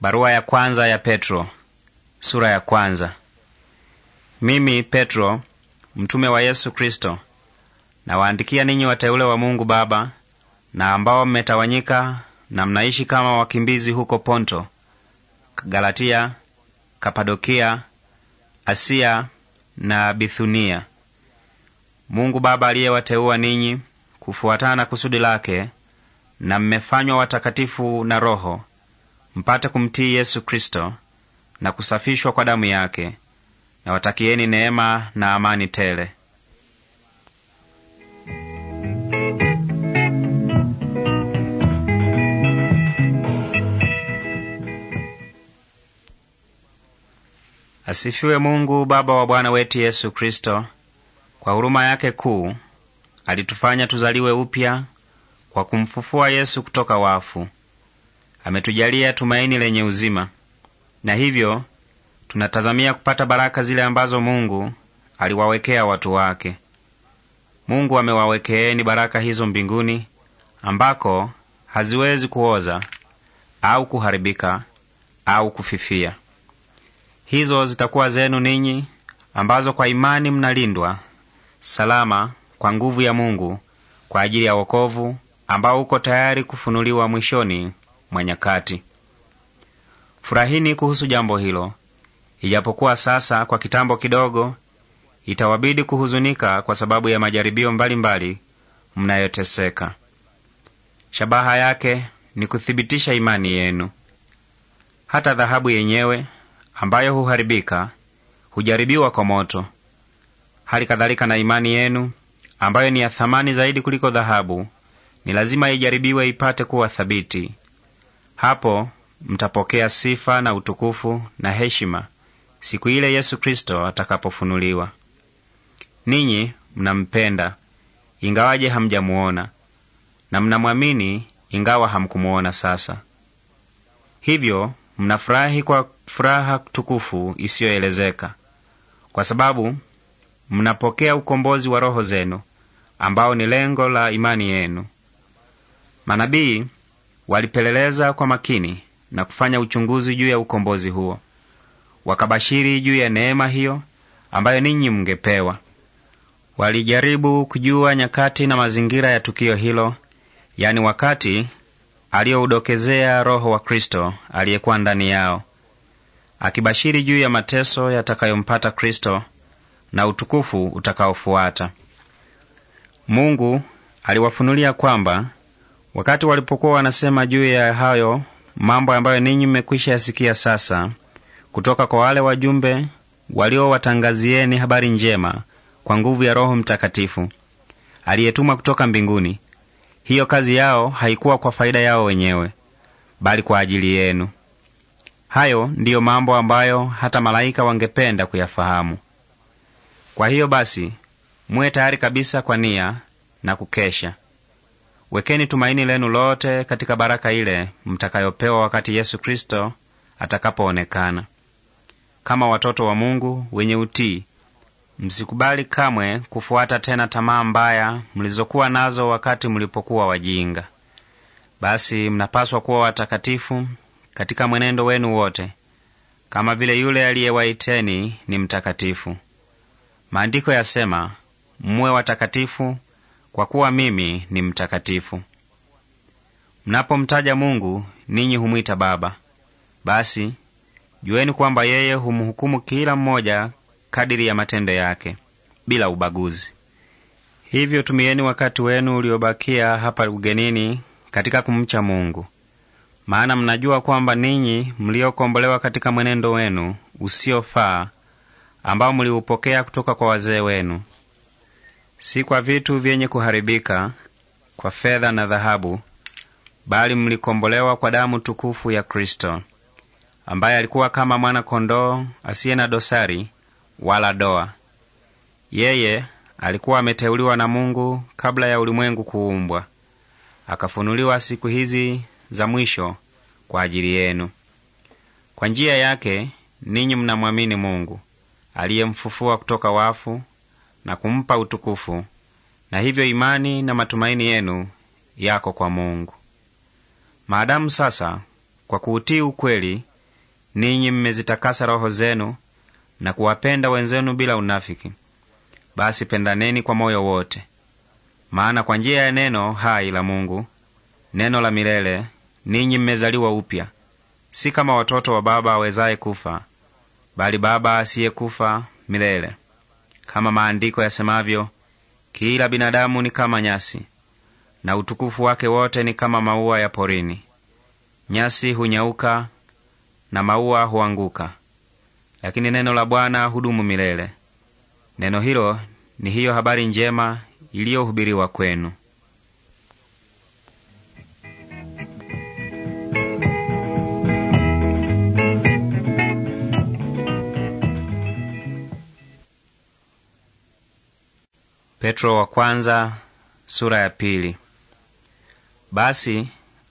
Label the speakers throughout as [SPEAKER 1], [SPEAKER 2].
[SPEAKER 1] Barua ya kwanza ya Petro, sura ya kwanza. Mimi Petro, mtume wa Yesu Kristo, nawaandikia ninyi wateule wa Mungu Baba na ambao mmetawanyika na mnaishi kama wakimbizi huko Ponto, Galatia, Kapadokia, Asia na Bithunia. Mungu Baba aliyewateua ninyi kufuatana na kusudi lake, na mmefanywa watakatifu na Roho mpate kumtii Yesu Kristo na kusafishwa kwa damu yake. Na watakieni neema na amani tele. Asifiwe Mungu Baba wa Bwana wetu Yesu Kristo. Kwa huruma yake kuu alitufanya tuzaliwe upya kwa kumfufua Yesu kutoka wafu ametujalia tumaini lenye uzima, na hivyo tunatazamia kupata baraka zile ambazo Mungu aliwawekea watu wake. Mungu amewawekeeni baraka hizo mbinguni, ambako haziwezi kuoza au kuharibika au kufifia. Hizo zitakuwa zenu ninyi, ambazo kwa imani mnalindwa salama kwa nguvu ya Mungu kwa ajili ya wokovu ambao uko tayari kufunuliwa mwishoni mwanyakati. Furahini kuhusu jambo hilo, ijapokuwa sasa kwa kitambo kidogo itawabidi kuhuzunika kwa sababu ya majaribio mbalimbali mnayoteseka. Shabaha yake ni kuthibitisha imani yenu. Hata dhahabu yenyewe ambayo huharibika hujaribiwa kwa moto, hali kadhalika na imani yenu ambayo ni ya thamani zaidi kuliko dhahabu, ni lazima ijaribiwe ipate kuwa thabiti, hapo mtapokea sifa na utukufu na heshima siku ile Yesu Kristo atakapofunuliwa. Ninyi mnampenda ingawaje hamjamuona, na mnamwamini ingawa hamkumuona sasa. Hivyo mnafurahi kwa furaha tukufu isiyoelezeka, kwa sababu mnapokea ukombozi wa roho zenu, ambao ni lengo la imani yenu. Manabii Walipeleleza kwa makini na kufanya uchunguzi juu ya ukombozi huo, wakabashiri juu ya neema hiyo ambayo ninyi mngepewa. Walijaribu kujua nyakati na mazingira ya tukio hilo, yaani wakati aliyoudokezea Roho wa Kristo aliyekuwa ndani yao, akibashiri juu ya mateso yatakayompata Kristo na utukufu utakaofuata. Mungu aliwafunulia kwamba Wakati walipokuwa wanasema juu ya hayo mambo ambayo ninyi mmekwisha yasikia sasa kutoka kwa wale wajumbe waliowatangazieni habari njema kwa nguvu ya Roho Mtakatifu aliyetumwa kutoka mbinguni, hiyo kazi yao haikuwa kwa faida yao wenyewe, bali kwa ajili yenu. Hayo ndiyo mambo ambayo hata malaika wangependa kuyafahamu. Kwa hiyo basi, muwe tayari kabisa kwa nia na kukesha, Wekeni tumaini lenu lote katika baraka ile mtakayopewa wakati Yesu Kristo atakapoonekana. Kama watoto wa Mungu wenye utii, msikubali kamwe kufuata tena tamaa mbaya mlizokuwa nazo wakati mlipokuwa wajinga. Basi mnapaswa kuwa watakatifu katika mwenendo wenu wote, kama vile yule aliyewaiteni ni mtakatifu. Maandiko yasema, muwe watakatifu kwa kuwa mimi ni mtakatifu. Mnapomtaja Mungu ninyi humwita Baba. Basi jueni kwamba yeye humhukumu kila mmoja kadiri ya matendo yake bila ubaguzi. Hivyo tumieni wakati wenu uliobakia hapa ugenini katika kumcha Mungu, maana mnajua kwamba ninyi mliokombolewa katika mwenendo wenu usiofaa ambao mliupokea kutoka kwa wazee wenu, si kwa vitu vyenye kuharibika, kwa fedha na dhahabu, bali mlikombolewa kwa damu tukufu ya Kristo, ambaye alikuwa kama mwana-kondoo asiye na dosari wala doa. Yeye alikuwa ameteuliwa na Mungu kabla ya ulimwengu kuumbwa, akafunuliwa siku hizi za mwisho kwa ajili yenu. Kwa njia yake ninyi mnamwamini Mungu aliyemfufua kutoka wafu na kumpa utukufu, na hivyo imani na matumaini yenu yako kwa Mungu. Maadamu sasa kwa kuutii ukweli ninyi mmezitakasa roho zenu na kuwapenda wenzenu bila unafiki, basi pendaneni kwa moyo wote, maana kwa njia ya neno hai la Mungu, neno la milele, ninyi mmezaliwa upya, si kama watoto wa baba awezaye kufa, bali Baba asiyekufa milele kama maandiko yasemavyo, kila binadamu ni kama nyasi, na utukufu wake wote ni kama maua ya porini. Nyasi hunyauka na maua huanguka, lakini neno la Bwana hudumu milele. Neno hilo ni hiyo habari njema iliyohubiriwa kwenu. Petro wa kwanza, sura ya pili. Basi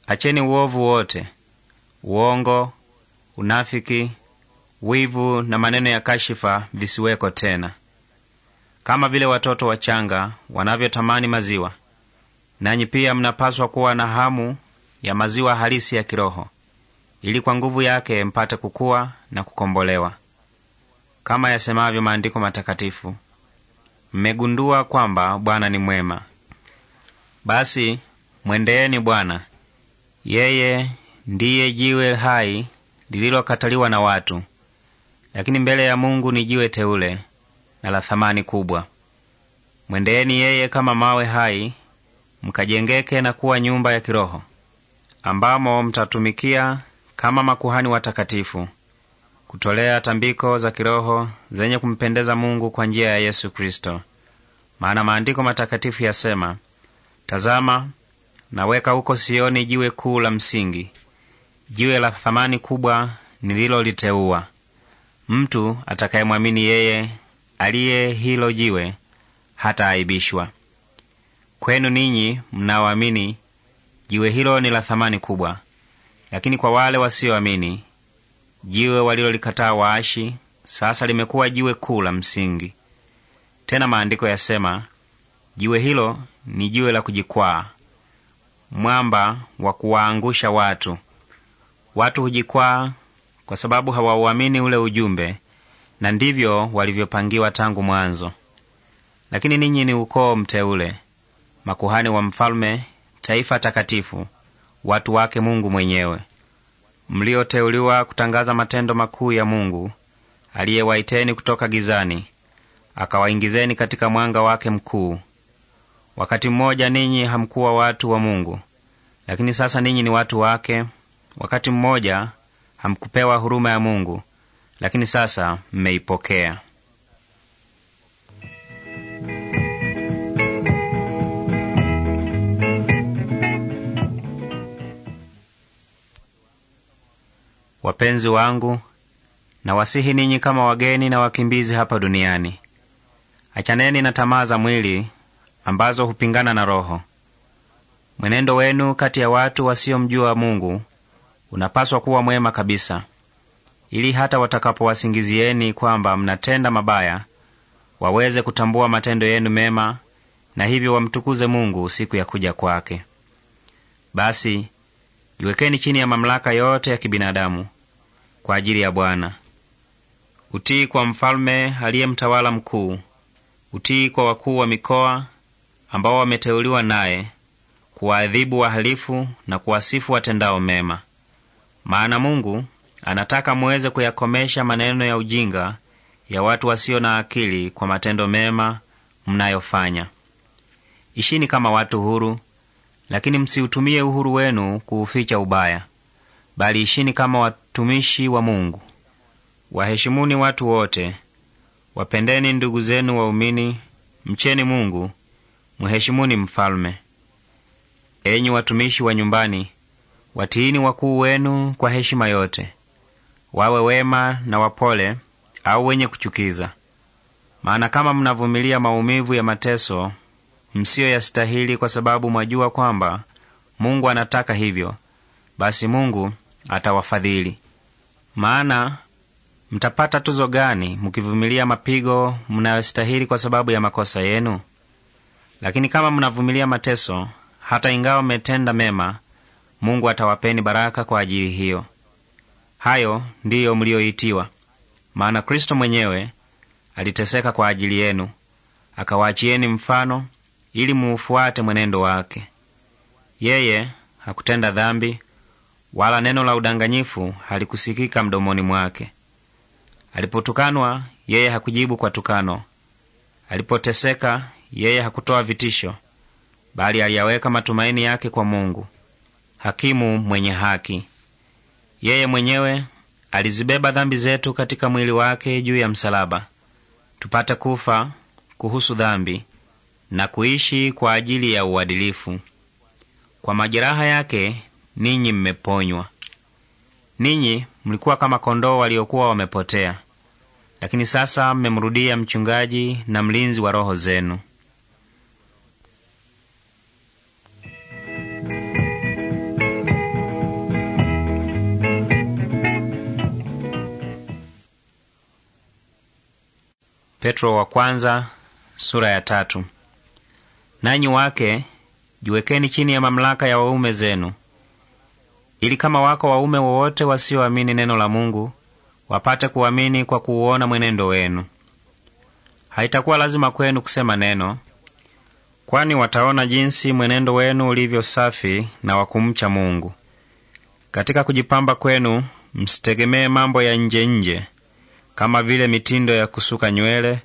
[SPEAKER 1] acheni uovu wote, uongo, unafiki, wivu na maneno ya kashifa visiweko tena, kama vile watoto wachanga wanavyotamani maziwa. Nanyi pia mnapaswa kuwa na hamu ya maziwa halisi ya kiroho, ili kwa nguvu yake mpate kukua na kukombolewa, kama yasemavyo maandiko matakatifu mmegundua kwamba Bwana ni mwema. Basi mwendeeni Bwana. Yeye ndiye jiwe hai lililokataliwa na watu, lakini mbele ya Mungu ni jiwe teule na la thamani kubwa. Mwendeeni yeye kama mawe hai, mkajengeke na kuwa nyumba ya kiroho ambamo mtatumikia kama makuhani watakatifu kutolea tambiko za kiroho zenye kumpendeza Mungu kwa njia ya Yesu Kristo. Maana maandiko matakatifu yasema, tazama, naweka huko Sioni jiwe kuu la msingi, jiwe la thamani kubwa nililoliteua. Mtu atakayemwamini yeye aliye hilo jiwe hata aibishwa Kwenu ninyi mnaoamini, jiwe hilo ni la thamani kubwa, lakini kwa wale wasioamini Jiwe walilolikataa waashi sasa limekuwa jiwe kuu la msingi. Tena maandiko yasema, jiwe hilo ni jiwe la kujikwaa, mwamba wa kuwaangusha watu. Watu hujikwaa kwa sababu hawauamini ule ujumbe, na ndivyo walivyopangiwa tangu mwanzo. Lakini ninyi ni ukoo mteule, makuhani wa mfalme, taifa takatifu, watu wake Mungu mwenyewe mlioteuliwa kutangaza matendo makuu ya Mungu aliyewaiteni kutoka gizani akawaingizeni katika mwanga wake mkuu. Wakati mmoja ninyi hamkuwa watu wa Mungu, lakini sasa ninyi ni watu wake. Wakati mmoja hamkupewa huruma ya Mungu, lakini sasa mmeipokea. Wapenzi wangu, nawasihi ninyi kama wageni na wakimbizi hapa duniani, achaneni na tamaa za mwili ambazo hupingana na Roho. Mwenendo wenu kati ya watu wasiomjua Mungu unapaswa kuwa mwema kabisa, ili hata watakapowasingizieni kwamba mnatenda mabaya waweze kutambua matendo yenu mema, na hivyo wamtukuze Mungu siku ya kuja kwake. Basi jiwekeni chini ya mamlaka yote ya kibinadamu kwa ajili ya Bwana. Utii kwa mfalme aliye mtawala mkuu, utii kwa wakuu wa mikoa ambao wameteuliwa naye kuwaadhibu wahalifu na kuwasifu watendao mema. Maana Mungu anataka muweze kuyakomesha maneno ya ujinga ya watu wasio na akili kwa matendo mema mnayofanya. Ishini kama watu huru lakini msiutumie uhuru wenu kuuficha ubaya, bali ishini kama watumishi wa Mungu. Waheshimuni watu wote, wapendeni ndugu zenu waumini, mcheni Mungu, mheshimuni mfalme. Enyi watumishi wa nyumbani, watiini wakuu wenu kwa heshima yote, wawe wema na wapole, au wenye kuchukiza. Maana kama mnavumilia maumivu ya mateso msiyo msiyoyastahili, kwa sababu mwajua kwamba Mungu anataka hivyo, basi Mungu atawafadhili. Maana mtapata tuzo gani mkivumilia mapigo mnayostahili kwa sababu ya makosa yenu? Lakini kama mnavumilia mateso, hata ingawa mmetenda mema, Mungu atawapeni baraka kwa ajili hiyo. Hayo ndiyo mliyoitiwa, maana Kristo mwenyewe aliteseka kwa ajili yenu, akawaachieni mfano ili muufuate mwenendo wake. Yeye hakutenda dhambi, wala neno la udanganyifu halikusikika mdomoni mwake. Alipotukanwa, yeye hakujibu kwa tukano. Alipoteseka, yeye hakutoa vitisho, bali aliyaweka matumaini yake kwa Mungu, hakimu mwenye haki. Yeye mwenyewe alizibeba dhambi zetu katika mwili wake juu ya msalaba, tupate kufa kuhusu dhambi, na kuishi kwa ajili ya uadilifu. Kwa majeraha yake ninyi mmeponywa. Ninyi mlikuwa kama kondoo waliokuwa wamepotea, lakini sasa mmemrudia mchungaji na mlinzi wa roho zenu. Petro wa kwanza, sura ya tatu. Nanyi wake, jiwekeni chini ya mamlaka ya waume zenu, ili kama wako waume wowote wasioamini neno la Mungu, wapate kuamini kwa kuuona mwenendo wenu. Haitakuwa lazima kwenu kusema neno, kwani wataona jinsi mwenendo wenu ulivyo safi na wa kumcha Mungu. Katika kujipamba kwenu, msitegemee mambo ya nje nje kama vile mitindo ya kusuka nywele,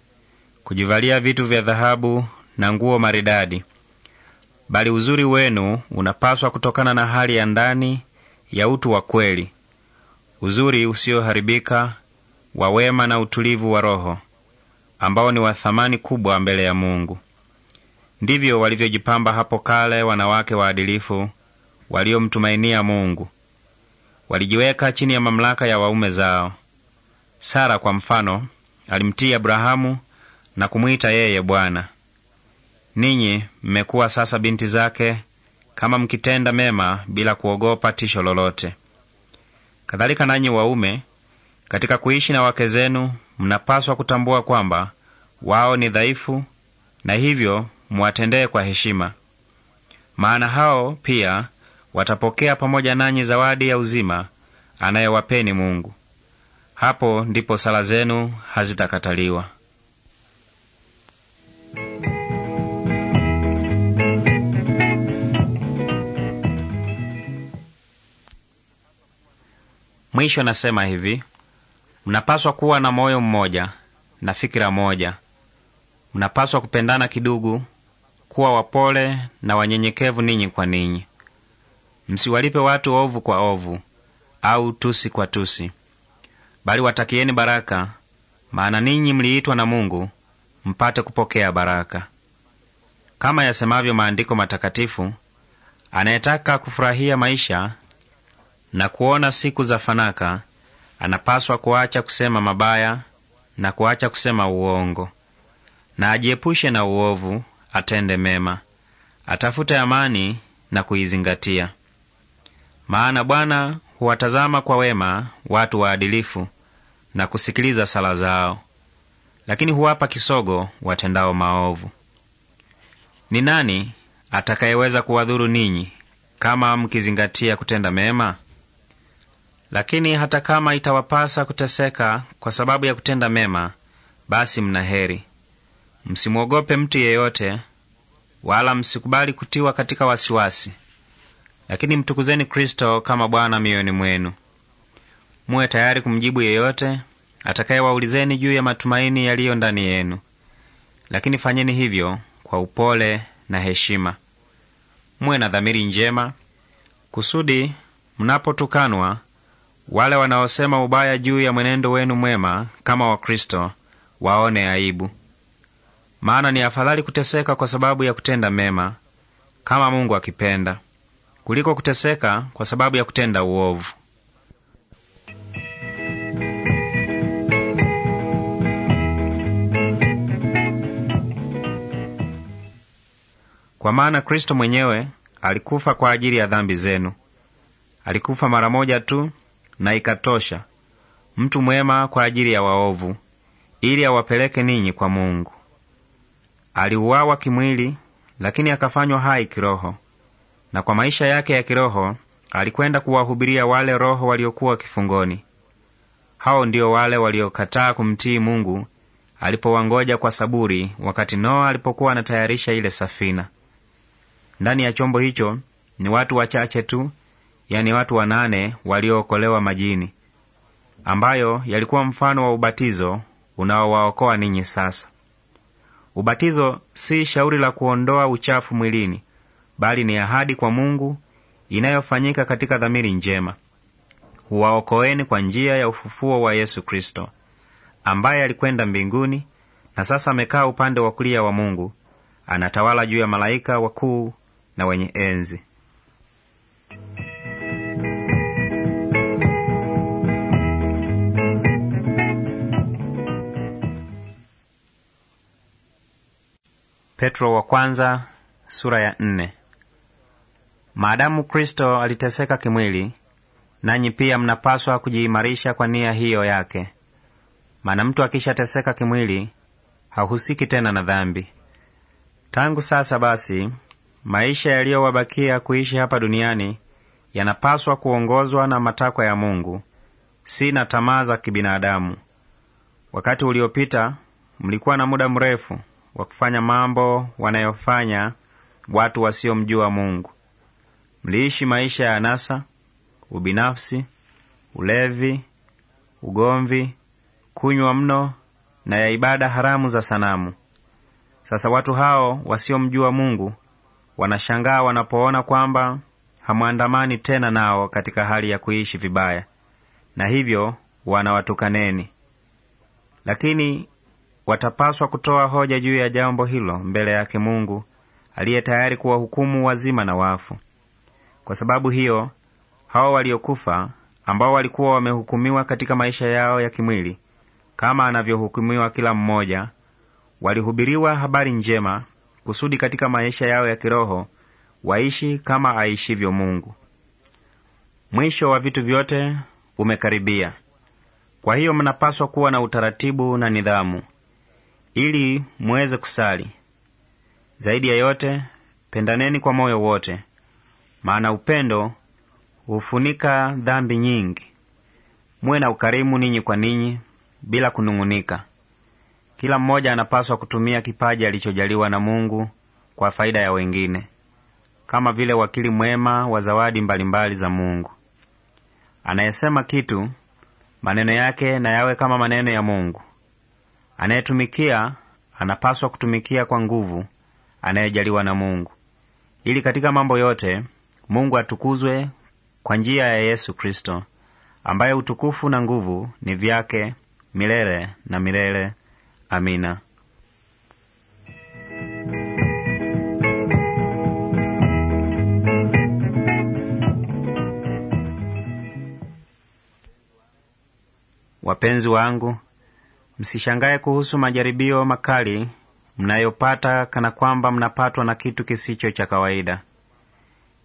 [SPEAKER 1] kujivalia vitu vya dhahabu na nguo maridadi, bali uzuri wenu unapaswa kutokana na hali ya ndani ya utu wa kweli, uzuri usioharibika wa wema na utulivu wa roho, ambao ni wa thamani kubwa mbele ya Mungu. Ndivyo walivyojipamba hapo kale wanawake waadilifu waliomtumainia Mungu. Walijiweka chini ya mamlaka ya waume zao. Sara kwa mfano alimtii Abrahamu na kumwita yeye bwana. Ninyi mmekuwa sasa binti zake, kama mkitenda mema bila kuogopa tisho lolote. Kadhalika nanyi waume, katika kuishi na wake zenu, mnapaswa kutambua kwamba wao ni dhaifu, na hivyo muwatendee kwa heshima, maana hao pia watapokea pamoja nanyi zawadi ya uzima anayewapeni Mungu. Hapo ndipo sala zenu hazitakataliwa. Mwisho nasema hivi, mnapaswa kuwa na moyo mmoja na fikira moja. Mnapaswa kupendana kidugu, kuwa wapole na wanyenyekevu ninyi kwa ninyi. Msiwalipe watu ovu kwa ovu au tusi kwa tusi, bali watakieni baraka, maana ninyi mliitwa na Mungu mpate kupokea baraka. Kama yasemavyo maandiko matakatifu, anayetaka kufurahia maisha na kuona siku za fanaka, anapaswa kuacha kusema mabaya na kuacha kusema uongo, na ajiepushe na uovu, atende mema, atafute amani na kuizingatia. Maana Bwana huwatazama kwa wema watu waadilifu na kusikiliza sala zao, lakini huwapa kisogo watendao maovu. Ni nani atakayeweza kuwadhuru ninyi kama mkizingatia kutenda mema? Lakini hata kama itawapasa kuteseka kwa sababu ya kutenda mema, basi mna heri. Msimwogope mtu yeyote, wala msikubali kutiwa katika wasiwasi, lakini mtukuzeni Kristo kama Bwana mioyoni mwenu. Muwe tayari kumjibu yeyote atakayewaulizeni juu ya matumaini yaliyo ndani yenu, lakini fanyeni hivyo kwa upole na heshima. Muwe na dhamiri njema, kusudi mnapotukanwa wale wanaosema ubaya juu ya mwenendo wenu mwema kama Wakristo waone aibu, maana ni afadhali kuteseka kwa sababu ya kutenda mema kama Mungu akipenda, kuliko kuteseka kwa sababu ya kutenda uovu. Kwa maana Kristo mwenyewe alikufa kwa ajili ya dhambi zenu. Alikufa mara moja tu na ikatosha, mtu mwema kwa ajili ya waovu, ili awapeleke ninyi kwa Mungu. Aliuawa kimwili, lakini akafanywa hai kiroho, na kwa maisha yake ya kiroho alikwenda kuwahubiria wale roho waliokuwa kifungoni. Hao ndio wale waliokataa kumtii Mungu alipowangoja kwa saburi wakati Noa alipokuwa anatayarisha ile safina. Ndani ya chombo hicho ni watu wachache tu yani watu wanane waliookolewa majini, ambayo yalikuwa mfano wa ubatizo unaowaokoa ninyi sasa. Ubatizo si shauri la kuondoa uchafu mwilini, bali ni ahadi kwa Mungu inayofanyika katika dhamiri njema, huwaokoeni kwa njia ya ufufuo wa Yesu Kristo, ambaye alikwenda mbinguni na sasa amekaa upande wa kulia wa Mungu, anatawala juu ya malaika wakuu na wenye enzi. Petro wa kwanza, sura ya nne. Maadamu Kristo aliteseka kimwili, nanyi pia mnapaswa kujiimarisha kwa nia hiyo yake. Maana mtu akishateseka kimwili hahusiki tena na dhambi. Tangu sasa basi, maisha yaliyowabakia kuishi hapa duniani yanapaswa kuongozwa na matakwa ya Mungu, si na tamaa za kibinadamu. Wakati uliopita mlikuwa na muda mrefu wa kufanya mambo wanayofanya watu wasiomjua Mungu. Mliishi maisha ya anasa, ubinafsi, ulevi, ugomvi, kunywa mno na ya ibada haramu za sanamu. Sasa watu hao wasiomjua Mungu wanashangaa wanapoona kwamba hamwandamani tena nao katika hali ya kuishi vibaya, na hivyo wanawatukaneni. Lakini watapaswa kutoa hoja juu ya jambo hilo mbele yake Mungu aliye tayari kuwahukumu wazima na wafu. Kwa sababu hiyo, hawa waliokufa ambao walikuwa wamehukumiwa katika maisha yao ya kimwili kama anavyohukumiwa kila mmoja, walihubiriwa habari njema kusudi katika maisha yao ya kiroho waishi kama aishivyo Mungu. Mwisho wa vitu vyote umekaribia. Kwa hiyo mnapaswa kuwa na utaratibu na nidhamu ili muweze kusali. Zaidi ya yote, pendaneni kwa moyo wote, maana upendo hufunika dhambi nyingi. Muwe na ukarimu ninyi kwa ninyi bila kunung'unika. Kila mmoja anapaswa kutumia kipaji alichojaliwa na Mungu kwa faida ya wengine, kama vile wakili mwema wa zawadi mbalimbali za Mungu. Anayesema kitu, maneno yake na yawe kama maneno ya Mungu, Anayetumikia anapaswa kutumikia kwa nguvu anayejaliwa na Mungu, ili katika mambo yote Mungu atukuzwe kwa njia ya Yesu Kristo, ambaye utukufu na nguvu ni vyake milele na milele. Amina. Wapenzi wangu msishangaye kuhusu majaribio makali mnayopata kana kwamba mnapatwa na kitu kisicho cha kawaida,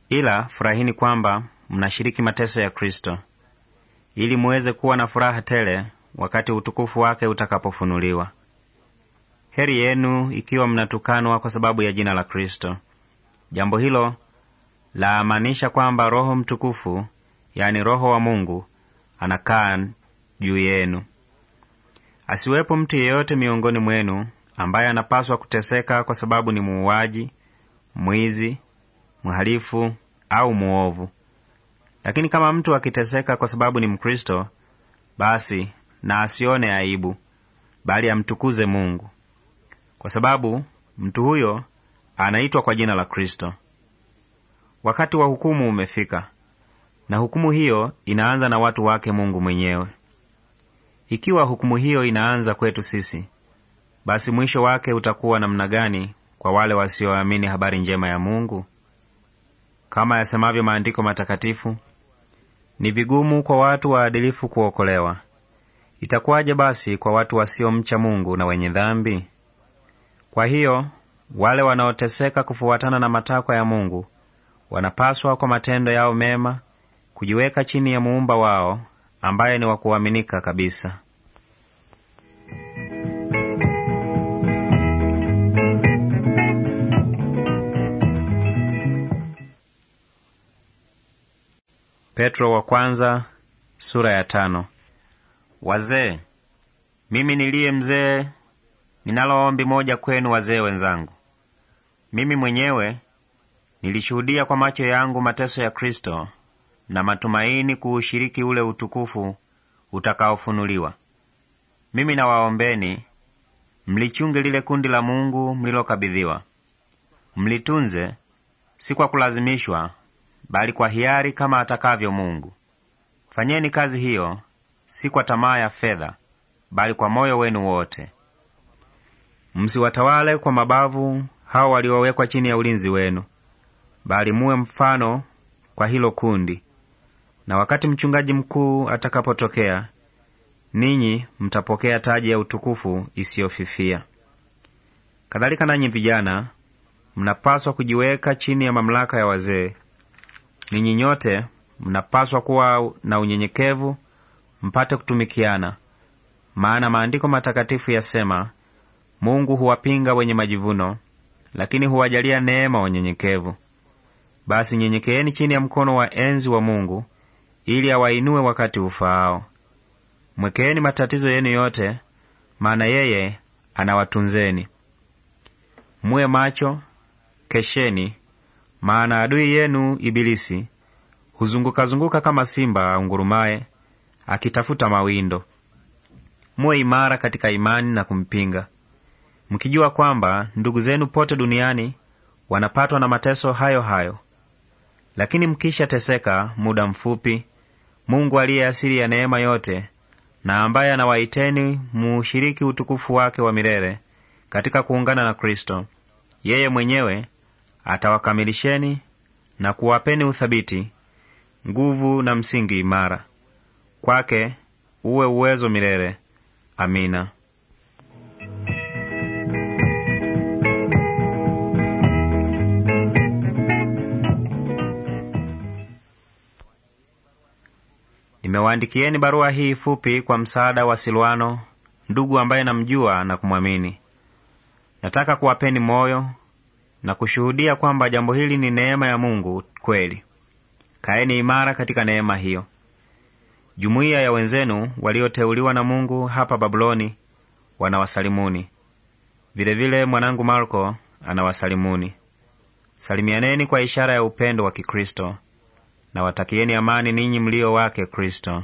[SPEAKER 1] ila furahini kwamba mnashiriki mateso ya Kristo ili muweze kuwa na furaha tele wakati utukufu wake utakapofunuliwa. Heri yenu ikiwa mnatukanwa kwa sababu ya jina la Kristo. Jambo hilo laamanisha kwamba Roho Mtukufu, yaani Roho wa Mungu, anakaa juu yenu. Asiwepo mtu yeyote miongoni mwenu ambaye anapaswa kuteseka kwa sababu ni muuaji, mwizi, mhalifu au muovu. Lakini kama mtu akiteseka kwa sababu ni Mkristo, basi na asione aibu, bali amtukuze Mungu, kwa sababu mtu huyo anaitwa kwa jina la Kristo. Wakati wa hukumu umefika, na hukumu hiyo inaanza na watu wake Mungu mwenyewe. Ikiwa hukumu hiyo inaanza kwetu sisi, basi mwisho wake utakuwa namna gani kwa wale wasioamini habari njema ya Mungu? Kama yasemavyo maandiko matakatifu, ni vigumu kwa watu waadilifu kuokolewa. Itakuwaje basi kwa watu wasiomcha Mungu na wenye dhambi? Kwa hiyo wale wanaoteseka kufuatana na matakwa ya Mungu wanapaswa kwa matendo yao mema kujiweka chini ya muumba wao ambaye ni wa kuaminika kabisa. Petro wa kwanza, sura ya tano. Wazee, mimi niliye mzee ninalo ombi moja kwenu wazee wenzangu. Mimi mwenyewe nilishuhudia kwa macho yangu mateso ya Kristo na matumaini kuushiriki ule utukufu utakaofunuliwa. Mimi nawaombeni mlichunge lile kundi la Mungu mlilokabidhiwa, mlitunze, si kwa kulazimishwa, bali kwa hiari, kama atakavyo Mungu. Fanyeni kazi hiyo si kwa tamaa ya fedha, bali kwa moyo wenu wote. Msiwatawale kwa mabavu hao waliowekwa chini ya ulinzi wenu, bali muwe mfano kwa hilo kundi, na wakati mchungaji mkuu atakapotokea, ninyi mtapokea taji ya utukufu isiyofifia. Kadhalika nanyi vijana mnapaswa kujiweka chini ya mamlaka ya wazee. Ninyi nyote mnapaswa kuwa na unyenyekevu, mpate kutumikiana, maana maandiko matakatifu yasema, Mungu huwapinga wenye majivuno, lakini huwajalia neema wanyenyekevu. Basi nyenyekeeni chini ya mkono wa enzi wa Mungu ili awainue wakati ufaao. Mwekeeni matatizo yenu yote, maana yeye anawatunzeni. Muwe macho, kesheni, maana adui yenu Ibilisi huzungukazunguka kama simba aungurumaye akitafuta mawindo. Muwe imara katika imani na kumpinga, mkijua kwamba ndugu zenu pote duniani wanapatwa na mateso hayo hayo. Lakini mkisha teseka muda mfupi, Mungu aliye asili ya neema yote na ambaye anawaiteni muushiriki utukufu wake wa milele katika kuungana na Kristo, yeye mwenyewe atawakamilisheni na kuwapeni uthabiti, nguvu na msingi imara. Kwake uwe uwezo milele. Amina. Nimewaandikieni barua hii fupi kwa msaada wa Silwano, ndugu ambaye namjua na kumwamini. Nataka kuwapeni moyo na kushuhudia kwamba jambo hili ni neema ya Mungu kweli. Kaeni imara katika neema hiyo. Jumuiya ya wenzenu walioteuliwa na Mungu hapa Babuloni wanawasalimuni. Vilevile mwanangu Marko anawasalimuni. Salimianeni kwa ishara ya upendo wa Kikristo na watakieni amani ninyi mlio wake Kristo.